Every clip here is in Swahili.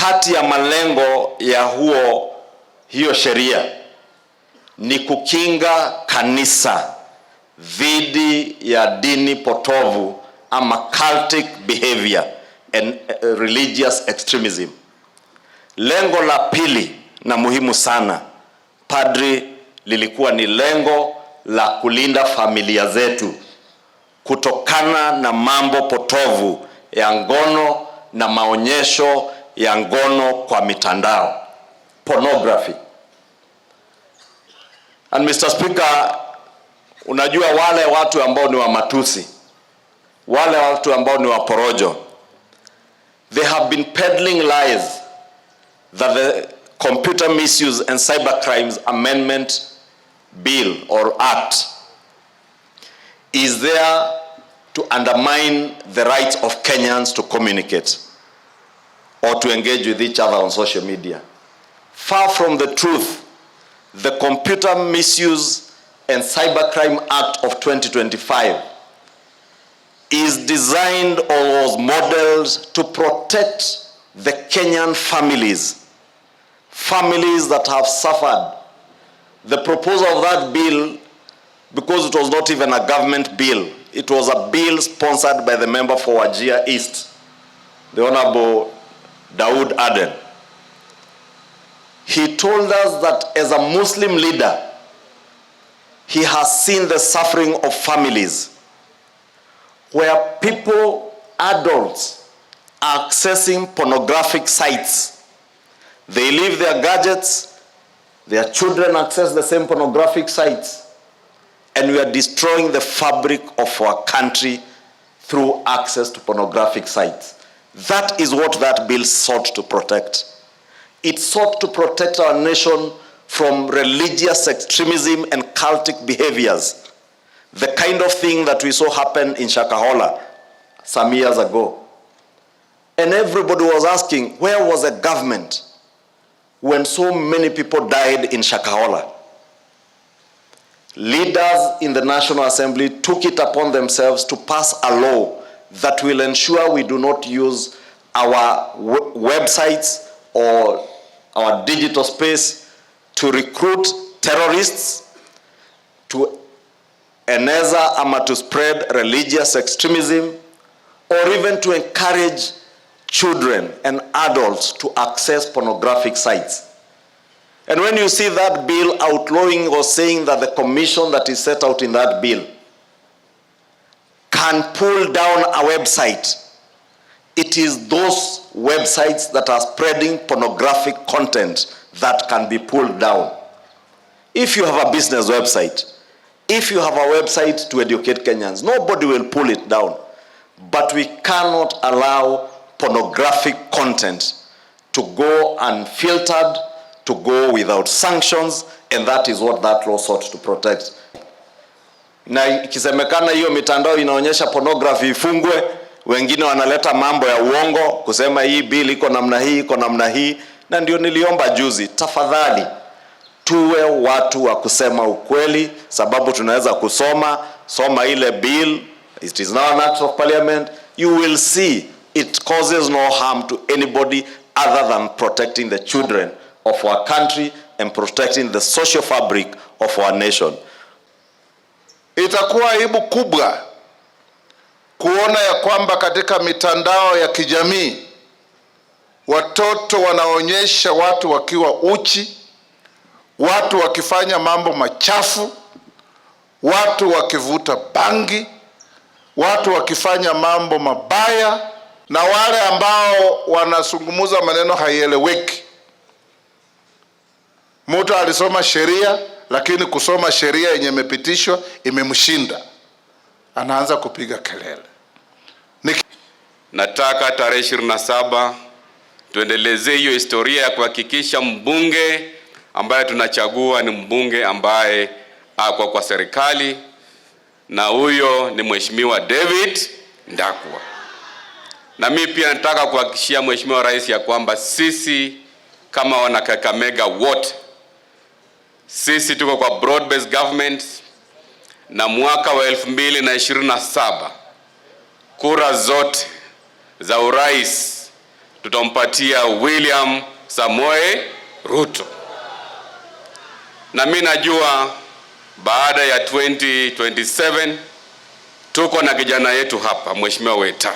kati ya malengo ya huo hiyo sheria ni kukinga kanisa dhidi ya dini potovu ama cultic behavior and eh, religious extremism. Lengo la pili na muhimu sana, padri, lilikuwa ni lengo la kulinda familia zetu kutokana na mambo potovu ya ngono na maonyesho ya ngono kwa mitandao pornography. And Mr. Speaker, unajua wale watu ambao ni wa matusi, wale watu ambao ni wa porojo, they have been peddling lies that the Computer Misuse and Cyber Crimes Amendment Bill or Act is there to undermine the rights of Kenyans to communicate or to engage with each other on social media. Far from the truth, the Computer Misuse and Cybercrime Act of 2025 is designed or was modeled to protect the Kenyan families, families that have suffered. The proposal of that bill, because it was not even a government bill, it was a bill sponsored by the member for Wajir East, the Honorable daud Aden. He told us that as a Muslim leader, he has seen the suffering of families where people, adults, are accessing pornographic sites. They leave their gadgets, their children access the same pornographic sites, and we are destroying the fabric of our country through access to pornographic sites. That is what that bill sought to protect. It sought to protect our nation from religious extremism and cultic behaviors, the kind of thing that we saw happen in Shakahola some years ago. And everybody was asking, where was the government when so many people died in Shakahola? Leaders in the National Assembly took it upon themselves to pass a law that will ensure we do not use our websites or our digital space to recruit terrorists, to eneza ama to spread religious extremism, or even to encourage children and adults to access pornographic sites. And when you see that bill outlawing or saying that the commission that is set out in that bill can pull down a website. It is those websites that are spreading pornographic content that can be pulled down. If you have a business website, if you have a website to educate Kenyans, nobody will pull it down. But we cannot allow pornographic content to go unfiltered, to go without sanctions, and that is what that law sought to protect na ikisemekana hiyo mitandao inaonyesha pornography ifungwe. Wengine wanaleta mambo ya uongo kusema hii bili iko namna hii iko namna hii, na ndio niliomba juzi, tafadhali tuwe watu wa kusema ukweli, sababu tunaweza kusoma soma ile bill, it is now an act of parliament, you will see it causes no harm to anybody other than protecting the children of our country and protecting the social fabric of our nation. Itakuwa aibu kubwa kuona ya kwamba katika mitandao ya kijamii watoto wanaonyesha watu wakiwa uchi, watu wakifanya mambo machafu, watu wakivuta bangi, watu wakifanya mambo mabaya, na wale ambao wanazungumza maneno haieleweki. Mtu alisoma sheria lakini kusoma sheria yenye imepitishwa imemshinda, anaanza kupiga kelele. Niki... nataka tarehe ishirini na saba tuendelezee hiyo historia ya kuhakikisha mbunge ambaye tunachagua ni mbunge ambaye ako kwa serikali, na huyo ni Mheshimiwa David Ndakwa. Na mimi pia nataka kuhakikishia Mheshimiwa Rais ya kwamba sisi kama Wanakakamega wote sisi tuko kwa broad based government na mwaka wa 2027 kura zote za urais tutampatia William Samoe Ruto. Na mimi najua baada ya 2027 tuko na kijana yetu hapa, mheshimiwa Weta,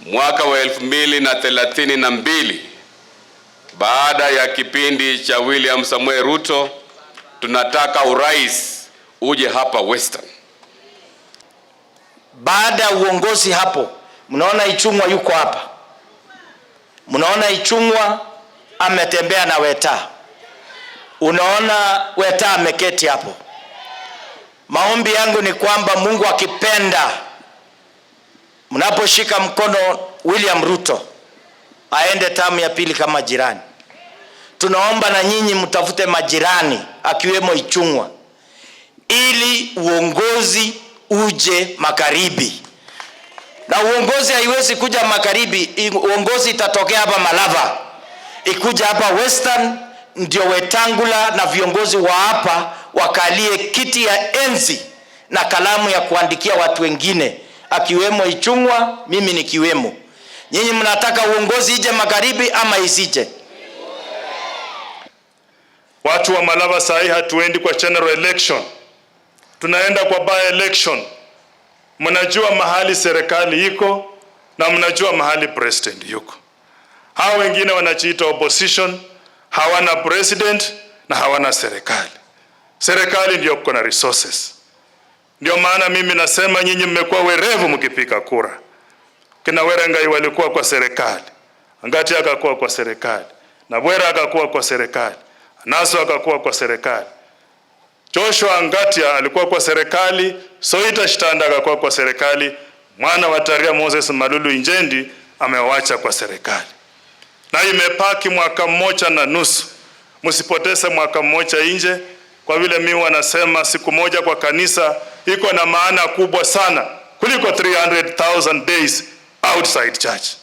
mwaka wa elfu mbili na thelathini na mbili baada ya kipindi cha William Samuel Ruto, tunataka urais uje hapa Western. Baada ya uongozi hapo, mnaona Ichung'wa yuko hapa, mnaona Ichung'wa ametembea na Weta, unaona Weta ameketi hapo. Maombi yangu ni kwamba Mungu akipenda, mnaposhika mkono William Ruto aende tamu ya pili kama jirani. Tunaomba na nyinyi mtafute majirani akiwemo Ichung'wa ili uongozi uje magharibi, na uongozi haiwezi kuja magharibi. Uongozi itatokea hapa Malava, ikuja hapa Western, ndio Wetangula na viongozi wa hapa wakalie kiti ya enzi na kalamu ya kuandikia watu wengine, akiwemo Ichung'wa, mimi nikiwemo. Nyinyi mnataka uongozi ije magharibi ama isije? Watu wa Malava sahi hatuendi kwa general election, tunaenda kwa by election. Mnajua mahali serikali iko na mnajua mahali president yuko. Hao wengine wanajiita opposition, hawana president na hawana serikali. Serikali ndio iko na resources. Ndio maana mimi nasema nyinyi mmekuwa werevu mkipiga kura. Kina ngai walikuwa kwa serikali, Ngati akakuwa kwa serikali, na Bwera akakuwa kwa serikali, Naso akakuwa kwa serikali. Joshua Ngatia alikuwa kwa serikali, Soita Shitanda akakuwa kwa serikali, mwana wa Taria Moses Malulu Injendi amewacha kwa serikali. Na imepaki mwaka mmoja na nusu. Msipoteze mwaka mmoja nje, kwa vile mimi wanasema siku moja kwa kanisa iko na maana kubwa sana kuliko 300,000 days outside church.